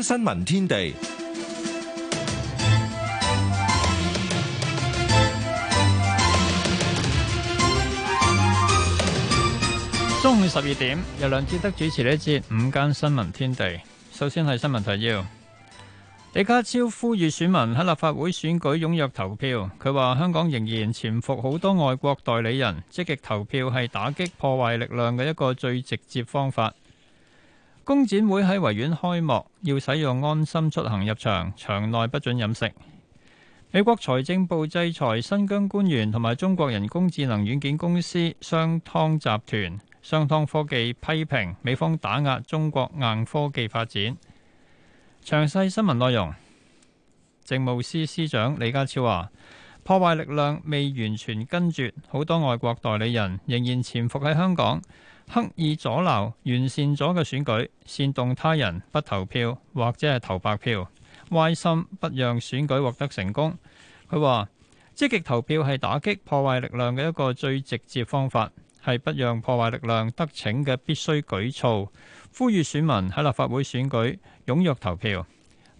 《新聞天地》中午十二點由梁志德主持呢一節《午間新聞天地》。首先係新聞提要：李家超呼籲選民喺立法會選舉踴躍投票。佢話香港仍然潛伏好多外國代理人，積極投票係打擊破壞力量嘅一個最直接方法。工展會喺維園開幕，要使用安心出行入場，場內不准飲食。美國財政部制裁新疆官員同埋中國人工智能軟件公司商湯集團，商湯科技批評美方打壓中國硬科技發展。詳細新聞內容，政務司司長李家超話：破壞力量未完全根絕，好多外國代理人仍然潛伏喺香港。刻意阻撓完善咗嘅選舉，煽動他人不投票或者係投白票，歪心不讓選舉獲得成功。佢話積極投票係打擊破壞力量嘅一個最直接方法，係不讓破壞力量得逞嘅必須舉措。呼籲選民喺立法會選舉踴躍投票。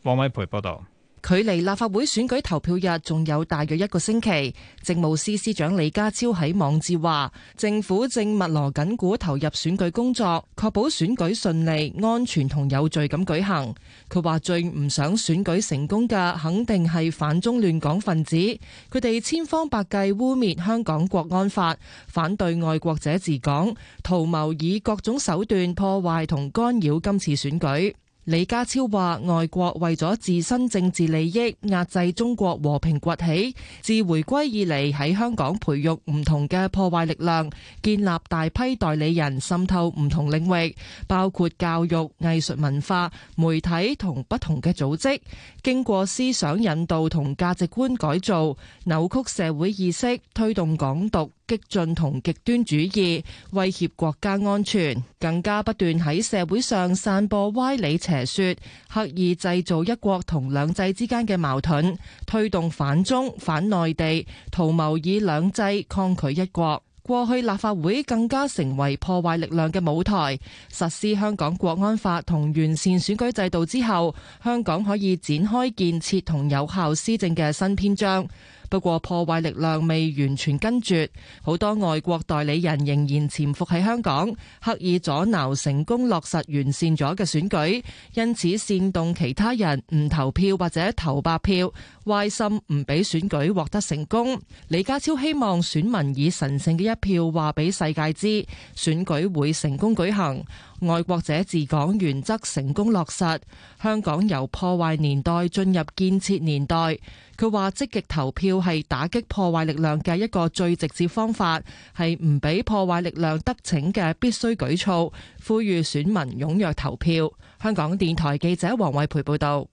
王偉培報道。距離立法會選舉投票日仲有大約一個星期，政務司司長李家超喺網誌話：政府正密鑼緊鼓投入選舉工作，確保選舉順利、安全同有序咁舉行。佢話最唔想選舉成功嘅，肯定係反中亂港分子，佢哋千方百計污蔑香港國安法，反對愛國者治港，圖謀以各種手段破壞同干擾今次選舉。李家超話，外國為咗自身政治利益，壓製中國和平崛起，自回歸以嚟喺香港培育唔同嘅破壞力量，建立大批代理人，滲透唔同領域，包括教育、藝術、文化、媒體同不同嘅組織，經過思想引導同價值觀改造，扭曲社會意識，推動港獨。激進同極端主義，威脅國家安全，更加不斷喺社會上散播歪理邪說，刻意製造一國同兩制之間嘅矛盾，推動反中、反內地，圖謀以兩制抗拒一國。過去立法會更加成為破壞力量嘅舞台。實施香港國安法同完善選舉制度之後，香港可以展開建設同有效施政嘅新篇章。不過破壞力量未完全根絕，好多外國代理人仍然潛伏喺香港，刻意阻撓成功落實完善咗嘅選舉，因此煽動其他人唔投票或者投白票，壞心唔俾選舉獲得成功。李家超希望選民以神聖嘅一票話俾世界知，選舉會成功舉行，愛國者治港原則成功落實，香港由破壞年代進入建設年代。佢話：積極投票係打擊破壞力量嘅一個最直接方法，係唔俾破壞力量得逞嘅必須舉措。呼籲選民踴躍投票。香港電台記者黃惠培報導。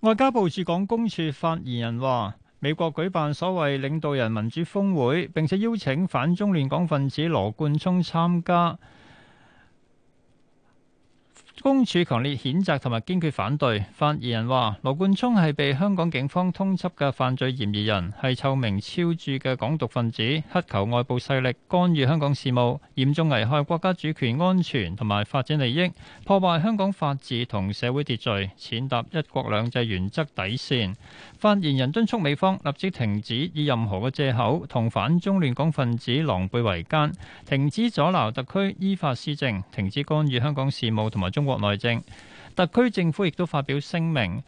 外交部駐港公署發言人話：美國舉辦所謂領導人民主峰會，並且邀請反中亂港分子羅冠聰參加。公署強烈譴責同埋堅決反對。發言人話：羅冠聰係被香港警方通緝嘅犯罪嫌疑人，係臭名昭著嘅港獨分子，乞求外部勢力干預香港事務，嚴重危害國家主權安全同埋發展利益，破壞香港法治同社會秩序，踐踏一國兩制原則底線。發言人敦促美方立即停止以任何嘅借口同反中亂港分子狼狽為奸，停止阻撓特區依法施政，停止干預香港事務同埋中國國內政。特區政府亦都發表聲明，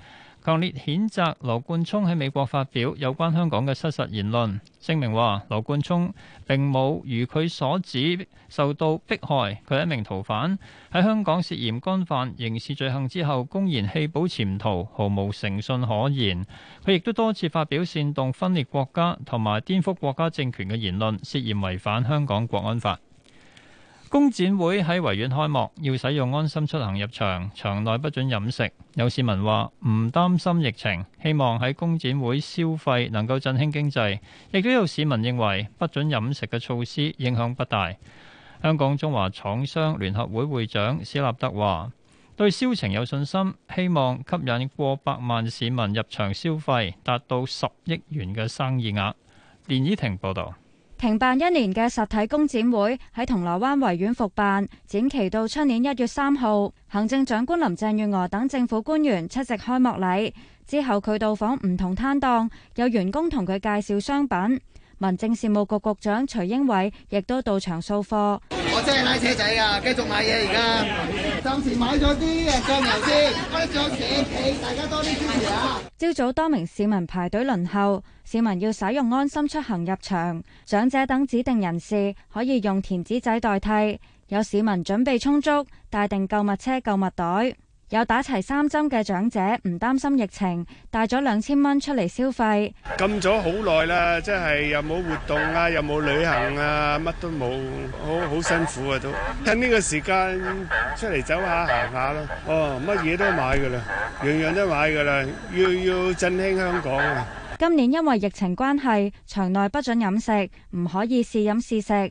強烈譴責羅冠聰喺美國發表有關香港嘅失實言論。聲明話，羅冠聰並冇如佢所指受到迫害，佢係一名逃犯，喺香港涉嫌干犯刑事罪行之後，公然棄保潛逃，毫無誠信可言。佢亦都多次發表煽動分裂國家同埋顛覆國家政權嘅言論，涉嫌違反香港國安法。工展會喺維園開幕，要使用安心出行入場，場內不准飲食。有市民話唔擔心疫情，希望喺工展會消費能夠振興經濟。亦都有市民認為不准飲食嘅措施影響不大。香港中華廠商聯合會會長史立德話：對銷情有信心，希望吸引過百萬市民入場消費，達到十億元嘅生意額。連綺婷報道。停辦一年嘅實體工展會喺銅鑼灣維園復辦，展期到出年一月三號。行政長官林鄭月娥等政府官員出席開幕禮，之後佢到訪唔同攤檔，有員工同佢介紹商品。民政事務局局局長徐英偉亦都到場掃貨。即係拉車仔噶、啊，繼續買嘢而家。暫 時買咗啲誒，醬油先，開上市，大家多啲支持啊！朝 早多名市民排隊輪候，市民要使用安心出行入場，長者等指定人士可以用填紙仔代替。有市民準備充足，帶定購物車、購物袋。有打齊三針嘅長者唔擔心疫情，帶咗兩千蚊出嚟消費。禁咗好耐啦，即係又冇活動啊，又冇旅行啊，乜都冇，好好辛苦啊都。趁呢個時間出嚟走下行下咯。哦，乜嘢都買㗎喇，樣樣都買㗎喇，要要振興香港啊。今年因為疫情關係，場內不准飲食，唔可以試飲試食。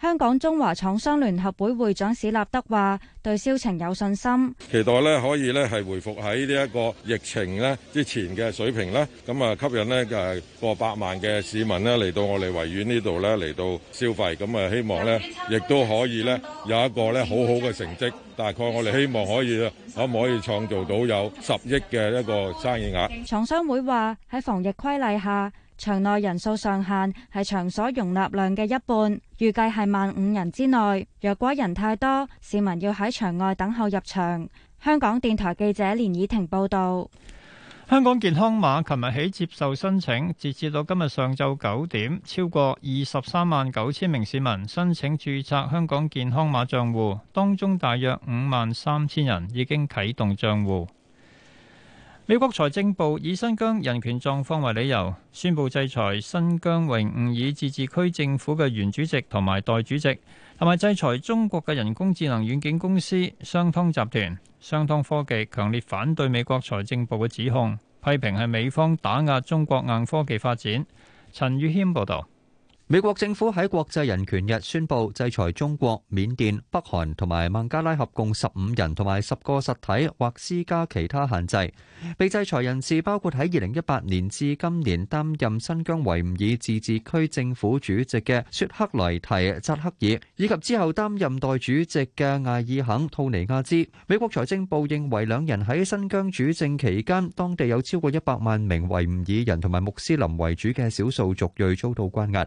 香港中華廠商聯合會會長史立德話：對銷情有信心，期待咧可以咧係回復喺呢一個疫情咧之前嘅水平啦。咁啊，吸引咧誒過百萬嘅市民咧嚟到我哋維園呢度咧嚟到消費。咁啊，希望咧亦都可以咧有一個咧好好嘅成績。大概我哋希望可以可唔可以創造到有十億嘅一個生意額？廠商會話喺防疫規例下。場內人數上限係場所容納量嘅一半，預計係萬五人之內。若果人太多，市民要喺場外等候入場。香港電台記者連以婷報道。香港健康碼琴日起接受申請，截至到今日上晝九點，超過二十三萬九千名市民申請註冊香港健康碼賬戶，當中大約五萬三千人已經啟動賬戶。美國財政部以新疆人權狀況為理由，宣布制裁新疆維吾爾自治區政府嘅原主席同埋代主席，同埋制裁中國嘅人工智能軟件公司商湯集團。商湯科技強烈反對美國財政部嘅指控，批評係美方打壓中國硬科技發展。陳宇軒報導。美國政府喺國際人權日宣佈制裁中國、緬甸、北韓同埋孟加拉合共十五人同埋十個實體或施加其他限制。被制裁人士包括喺二零一八年至今年擔任新疆維吾爾自治區政府主席嘅雪克萊提扎克爾，以及之後擔任代主席嘅艾爾肯吐尼亞茲。美國財政部認為兩人喺新疆主政期間，當地有超過一百萬名維吾爾人同埋穆斯林為主嘅少數族裔遭到關押。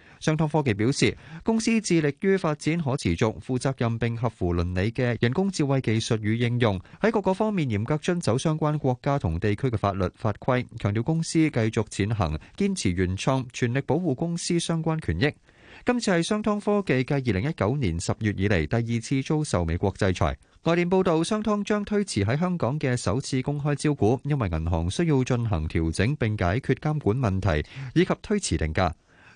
商湯科技表示，公司致力於發展可持續、負責任並合乎倫理嘅人工智慧技術與應用，喺各個方面嚴格遵守相關國家同地區嘅法律法規，強調公司繼續踐行，堅持原創，全力保護公司相關權益。今次係商湯科技繼二零一九年十月以嚟第二次遭受美國制裁。外電報導，商湯將推遲喺香港嘅首次公開招股，因為銀行需要進行調整並解決監管問題，以及推遲定價。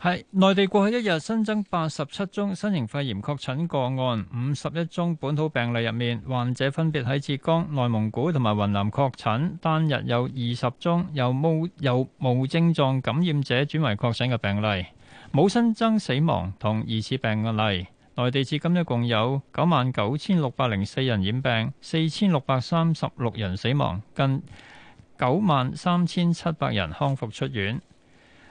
喺內地過去一日新增八十七宗新型肺炎確診個案，五十一宗本土病例入面，患者分別喺浙江、內蒙古同埋雲南確診。單日有二十宗由冇由無症狀感染者轉為確診嘅病例，冇新增死亡同疑似病例。內地至今一共有九萬九千六百零四人染病，四千六百三十六人死亡，近九萬三千七百人康復出院。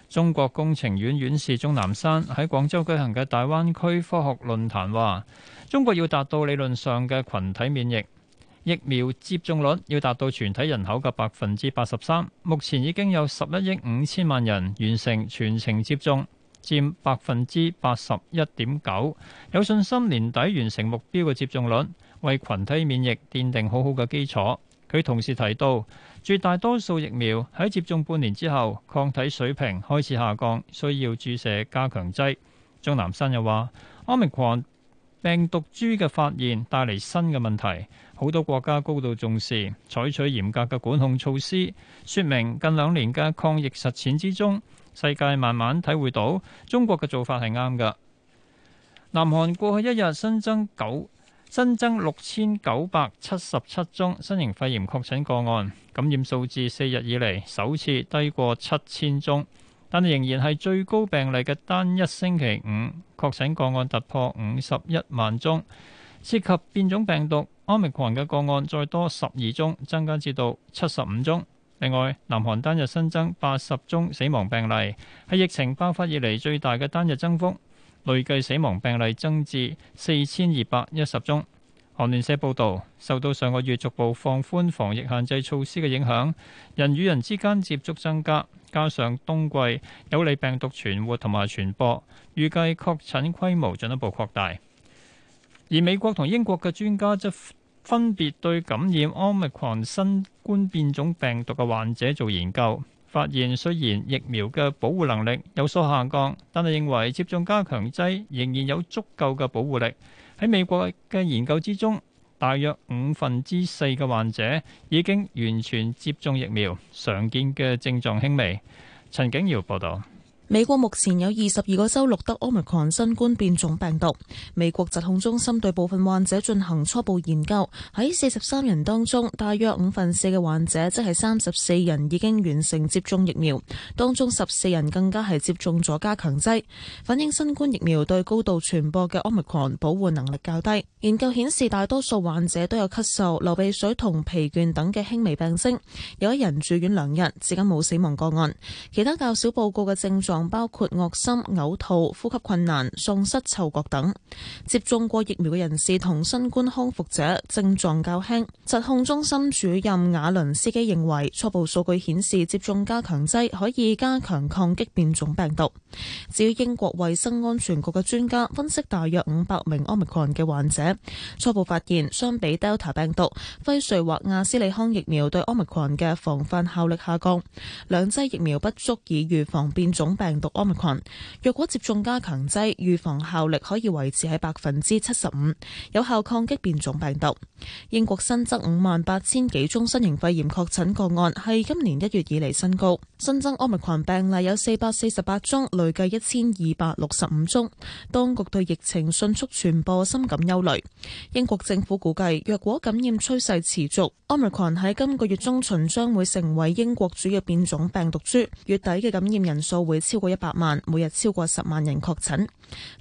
中國工程院院士鍾南山喺廣州舉行嘅大灣區科學論壇話，中國要達到理論上嘅群體免疫，疫苗接種率要達到全體人口嘅百分之八十三，目前已經有十一億五千萬人完成全程接種，佔百分之八十一點九，有信心年底完成目標嘅接種率，為群體免疫奠定好好嘅基礎。佢同時提到，絕大多數疫苗喺接種半年之後，抗體水平開始下降，需要注射加強劑。鍾南山又話，奧密克戎病毒株嘅發現帶嚟新嘅問題，好多國家高度重視，採取嚴格嘅管控措施，說明近兩年嘅抗疫實踐之中，世界慢慢體會到中國嘅做法係啱嘅。南韓過去一日新增九。新增六千九百七十七宗新型肺炎確診個案，感染數字四日以嚟首次低過七千宗，但仍然係最高病例嘅單一星期五確診個案突破五十一萬宗，涉及變種病毒奧密克戎嘅個案再多十二宗，增加至到七十五宗。另外，南韓單日新增八十宗死亡病例，係疫情爆發以嚟最大嘅單日增幅。累計死亡病例增至四千二百一十宗。韓聯社報道，受到上個月逐步放寬防疫限制措施嘅影響，人與人之間接觸增加，加上冬季有利病毒存活同埋傳播，預計確診規模進一步擴大。而美國同英國嘅專家則分別對感染奧密克戎新冠變種病毒嘅患者做研究。發現雖然疫苗嘅保護能力有所下降，但係認為接種加強劑仍然有足夠嘅保護力。喺美國嘅研究之中，大約五分之四嘅患者已經完全接種疫苗，常見嘅症狀輕微。陳景堯報導。美國目前有二十二個州錄得 Omicron 新冠變種病毒。美國疾控中心對部分患者進行初步研究，喺四十三人當中，大約五分四嘅患者，即係三十四人，已經完成接種疫苗，當中十四人更加係接種咗加強劑，反映新冠疫苗對高度傳播嘅 Omicron 保護能力較低。研究顯示，大多數患者都有咳嗽、流鼻水同疲倦等嘅輕微病徵，有一人住院兩日，至今冇死亡個案。其他較少報告嘅症狀。包括惡心、嘔吐、呼吸困難、喪失嗅覺等。接種過疫苗嘅人士同新冠康復者症狀較輕。疾控中心主任瓦倫斯基認為，初步數據顯示接種加強劑可以加強抗擊變種病毒。至於英國衛生安全局嘅專家分析，大約五百名 Omicron 嘅患者，初步發現相比 Delta 病毒，輝瑞或阿斯利康疫苗對 Omicron 嘅防範效力下降，兩劑疫苗不足以預防變種病毒。病毒 Omicron，若果接種加強劑，預防效力可以維持喺百分之七十五，有效抗擊變種病毒。英國新增五萬八千幾宗新型肺炎確診個案，係今年一月以嚟新高，新增 Omicron 病例有四百四十八宗，累計一千二百六十五宗。當局對疫情迅速傳播深感憂慮。英國政府估計，若果感染趨勢持續，Omicron 喺今個月中旬將會成為英國主要變種病毒株，月底嘅感染人數會超過一百萬，每日超過十萬人確診。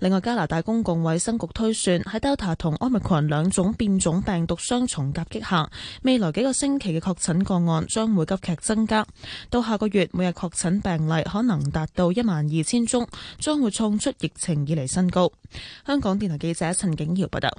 另外，加拿大公共衛生局推算喺 Delta 同 Omicron 兩種變種病毒雙重夾擊下，未來幾個星期嘅確診個案將會急劇增加，到下個月每日確診病例可能達到一萬二千宗，將會創出疫情以嚟新高。香港電台記者陳景堯報道。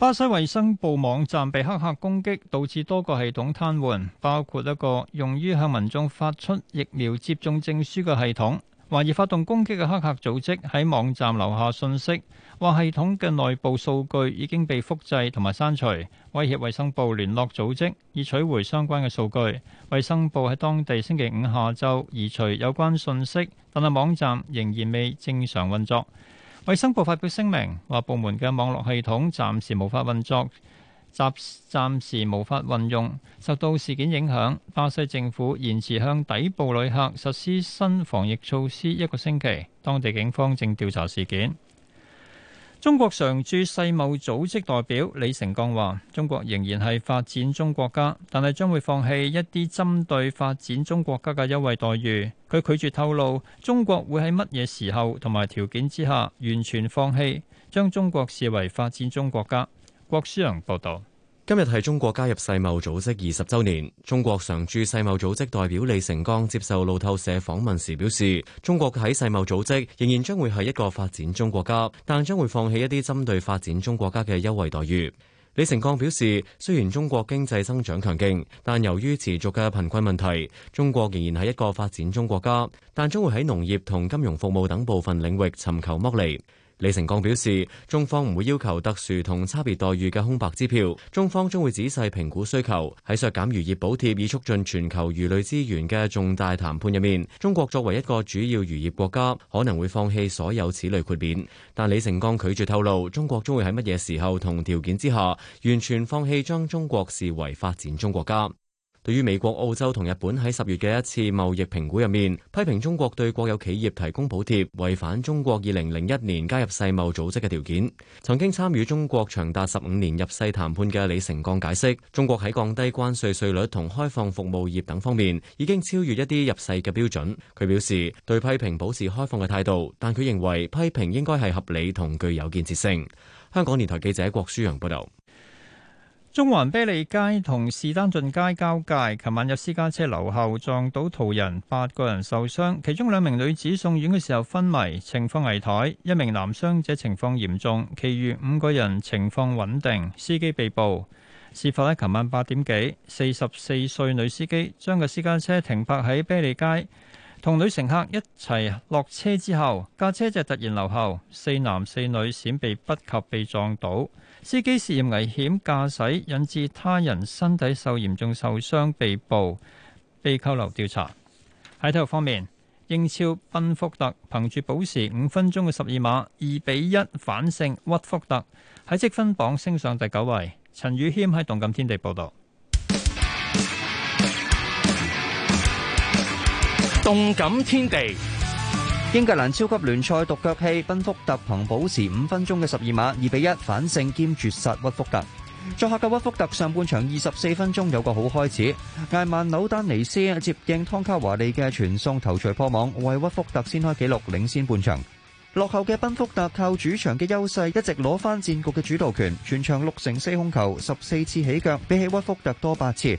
巴西衛生部網站被黑客攻擊，導致多個系統癱瘓，包括一個用於向民眾發出疫苗接種證書嘅系統。懷疑發動攻擊嘅黑客組織喺網站留下信息，話系統嘅內部數據已經被複製同埋刪除，威脅衛生部聯絡組織以取回相關嘅數據。衛生部喺當地星期五下晝移除有關信息，但係網站仍然未正常運作。衛生部發表聲明，話部門嘅網絡系統暫時無法運作，暫暫時無法運用，受到事件影響。巴西政府延遲向底部旅客實施新防疫措施一個星期。當地警方正調查事件。中國常駐世貿組織代表李成剛話，中國仍然係發展中國家，但係將會放棄一啲針對發展中國家嘅優惠待遇。佢拒絕透露中國會喺乜嘢時候同埋條件之下完全放棄，將中國視為發展中國家。郭思陽報道。今日係中國加入世貿組織二十週年。中國常駐世貿組織代表李成剛接受路透社訪問時表示，中國喺世貿組織仍然將會係一個發展中國家，但將會放棄一啲針對發展中國家嘅優惠待遇。李成剛表示，雖然中國經濟增長強勁，但由於持續嘅貧困問題，中國仍然係一個發展中國家，但將會喺農業同金融服務等部分領域尋求剝離。李成鋼表示，中方唔會要求特殊同差別待遇嘅空白支票，中方將會仔細評估需求。喺削減漁業補貼以促進全球魚類資源嘅重大談判入面，中國作為一個主要漁業國家，可能會放棄所有此類豁免。但李成鋼拒絕透露，中國將會喺乜嘢時候同條件之下完全放棄將中國視為發展中國家。對於美國、澳洲同日本喺十月嘅一次貿易評估入面，批評中國對國有企業提供補貼，違反中國二零零一年加入世貿組織嘅條件。曾經參與中國長達十五年入世談判嘅李成鋼解釋，中國喺降低關稅稅率同開放服務業等方面，已經超越一啲入世嘅標準。佢表示，對批評保持開放嘅態度，但佢認為批評應該係合理同具有建設性。香港電台記者郭舒揚報道。中環卑利街同士丹頓街交界，琴晚有私家車留後撞到途人，八個人受傷，其中兩名女子送院嘅時候昏迷，情況危殆；一名男傷者情況嚴重，其餘五個人情況穩定。司機被捕。事發喺琴晚八點幾，四十四歲女司機將個私家車停泊喺卑利街。同女乘客一齊落車之後，架車就突然留後，四男四女閃避不及被撞倒。司機涉嫌危險駕駛，引致他人身體受嚴重受傷被，被捕被扣留調查。喺體育方面，英超賓福特憑住補時五分鐘嘅十二碼，二比一反勝屈福特，喺積分榜升上第九位。陳宇軒喺動感天地報道。動感天地，英格蘭超級聯賽獨腳戲，賓福特憑保持五分鐘嘅十二碼，二比一反勝兼絕殺屈福特。作客嘅屈福特上半場二十四分鐘有個好開始，艾曼紐丹尼斯接應湯卡華利嘅傳送頭錘破網，為屈福特先開紀錄，領先半場。落後嘅賓福特靠主場嘅優勢，一直攞翻戰局嘅主導權，全場六成四控球，十四次起腳，比起屈福特多八次。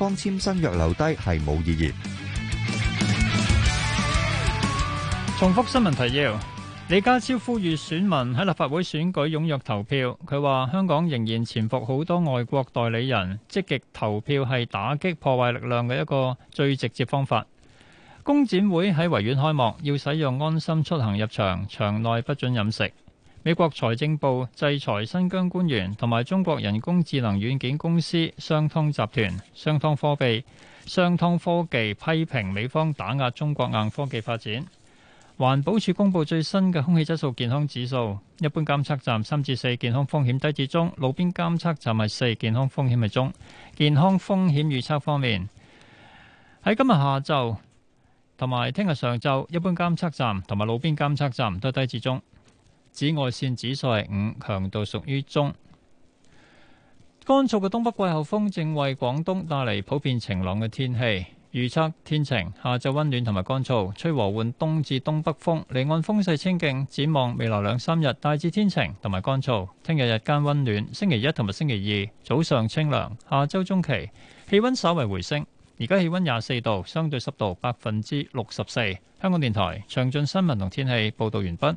方簽新約留低係冇意義。重複新聞提要：李家超呼籲選民喺立法會選舉踊躍投票。佢話香港仍然潛伏好多外國代理人，積極投票係打擊破壞力量嘅一個最直接方法。工展會喺維園開幕，要使用安心出行入場，場內不准飲食。美國財政部制裁新疆官員同埋中國人工智能軟件公司商通集團、商通科技。商通科技批評美方打壓中國硬科技發展。環保署公布最新嘅空氣質素健康指數，一般監測站三至四健康風險低至中，路邊監測站係四健康風險係中。健康風險預測方面，喺今日下晝同埋聽日上晝，一般監測站同埋路邊監測站都低至中。紫外線指數係五，強度屬於中。乾燥嘅東北季候風正為廣東帶嚟普遍晴朗嘅天氣。預測天晴，下晝温暖同埋乾燥，吹和緩東至東北風，離岸風勢清勁。展望未來兩三日大致天晴同埋乾燥。聽日日間温暖，星期一同埋星期二早上清涼，下周中期氣温稍為回升。而家氣温廿四度，相對濕度百分之六十四。香港電台詳盡新聞同天氣報導完畢。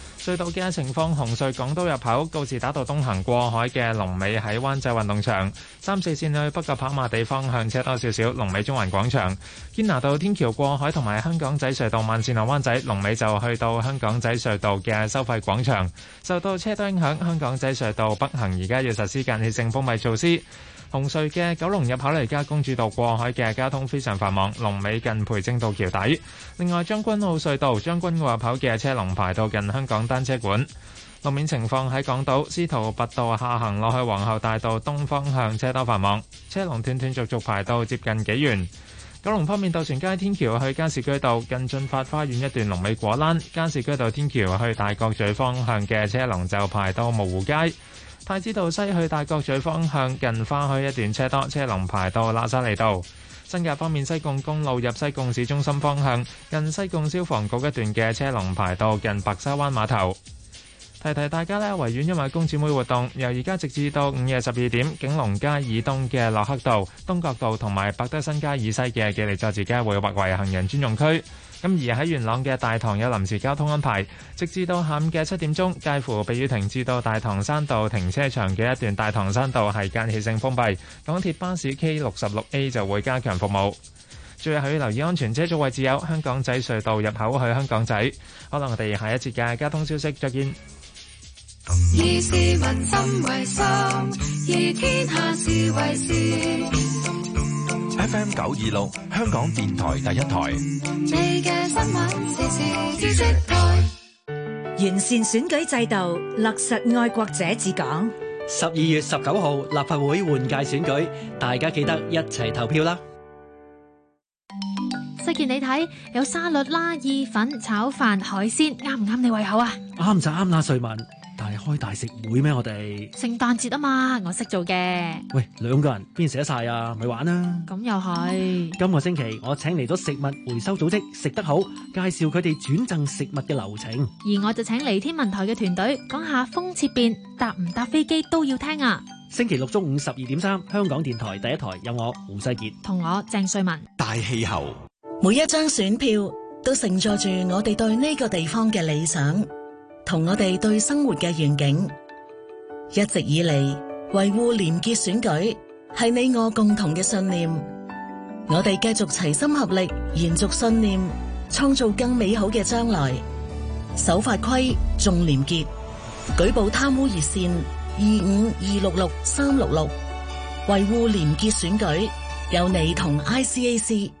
隧道嘅情況，紅隧港島入口告士打道東行過海嘅龍尾喺灣仔運動場，三四綫去北角跑馬地方向車多少少，龍尾中環廣場，堅拿道天橋過海同埋香港仔隧道慢綫落灣仔，龍尾就去到香港仔隧道嘅收費廣場。受到車多影響，香港仔隧道北行而家要實施間歇性封閉措施。紅隧嘅九龍入口嚟，家公主道過海嘅交通非常繁忙，龍尾近培正道橋底。另外，將軍澳隧道將軍澳入口嘅車龍排到近香港單車館。路面情況喺港島司徒拔道下行落去皇后大道東方向車多繁忙，車龍斷斷續續排到接近幾元。九龍方面，渡船街天橋去加士居道近駿發花園一段龍尾，果欄、加士居道天橋去大角咀方向嘅車龍就排到蕪湖街。太子道西去大角咀方向，近花墟一段車多，車龍排到喇沙利道。新界方面，西貢公路入西貢市中心方向，近西貢消防局一段嘅車龍排到近白沙灣碼頭。提提大家咧，維園因為工展會活動，由而家直至到午夜十二點，景隆街以東嘅駱克道、東角道同埋百德新街以西嘅記利佐治街會劃為行人專用區。咁而喺元朗嘅大棠有臨時交通安排，直至到下午嘅七點鐘，介乎避雨亭至到大棠山道停車場嘅一段大棠山道係間歇性封閉。港鐵巴士 K 六十六 A 就會加強服務。最後要留意安全車速，位置有香港仔隧道入口去香港仔。可能我哋下一節嘅交通消息，再見。以市民心為心，以天下事為事。 FM 九二六，香港電台第一台。完善選舉制度，落實愛國者治港。十二月十九號立法會換屆選舉，大家記得一齊投票啦！世賢，你睇有沙律啦、意粉、炒飯、海鮮，啱唔啱你胃口啊？啱就啱啦，瑞文。大開大食會咩？我哋聖誕節啊嘛，我識做嘅。喂，兩個人邊寫晒啊，咪玩啦。咁又係。今個星期我請嚟咗食物回收組織，食得好，介紹佢哋轉贈食物嘅流程。而我就請嚟天文台嘅團隊講下風切變，搭唔搭飛機都要聽啊。星期六中午十二點三，香港電台第一台有我胡世杰同我鄭瑞文。大氣候，每一張選票都承載住我哋對呢個地方嘅理想。同我哋對生活嘅願景，一直以嚟維護廉潔選舉係你我共同嘅信念。我哋繼續齊心合力，延續信念，創造更美好嘅將來。守法規，重廉潔，舉報貪污熱線二五二六六三六六，維護廉潔選舉，有你同 ICAC。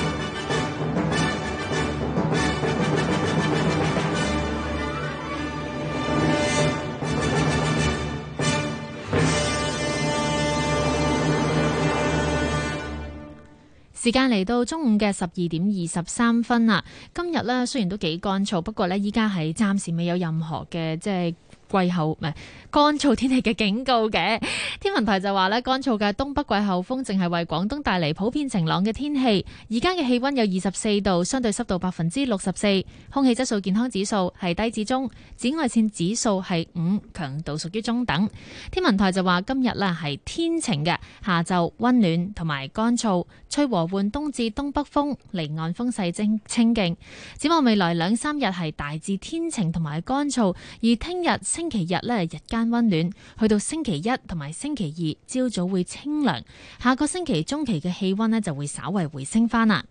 時間嚟到中午嘅十二點二十三分啦。今日咧雖然都幾乾燥，不過咧依家係暫時未有任何嘅即係。季候唔係乾燥天氣嘅警告嘅，天文台就話咧乾燥嘅東北季候風正係為廣東帶嚟普遍晴朗嘅天氣，而家嘅氣溫有二十四度，相對濕度百分之六十四，空氣質素健康指數係低至中，紫外綫指數係五，強度屬於中等。天文台就話今日咧係天晴嘅，下晝溫暖同埋乾燥，吹和緩東至東北風，離岸風勢精清勁。展望未來兩三日係大致天晴同埋乾燥，而聽日星期日咧日間溫暖，去到星期一同埋星期二朝早會清涼，下個星期中期嘅氣溫呢，就會稍為回升翻啦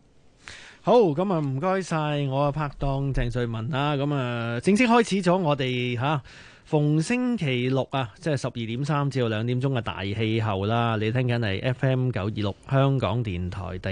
好，咁啊唔該晒，正正我啊。拍檔鄭瑞文啦。咁啊正式開始咗我哋吓逢星期六啊，即係十二點三至到兩點鐘嘅大氣候啦。你聽緊係 FM 九二六香港電台第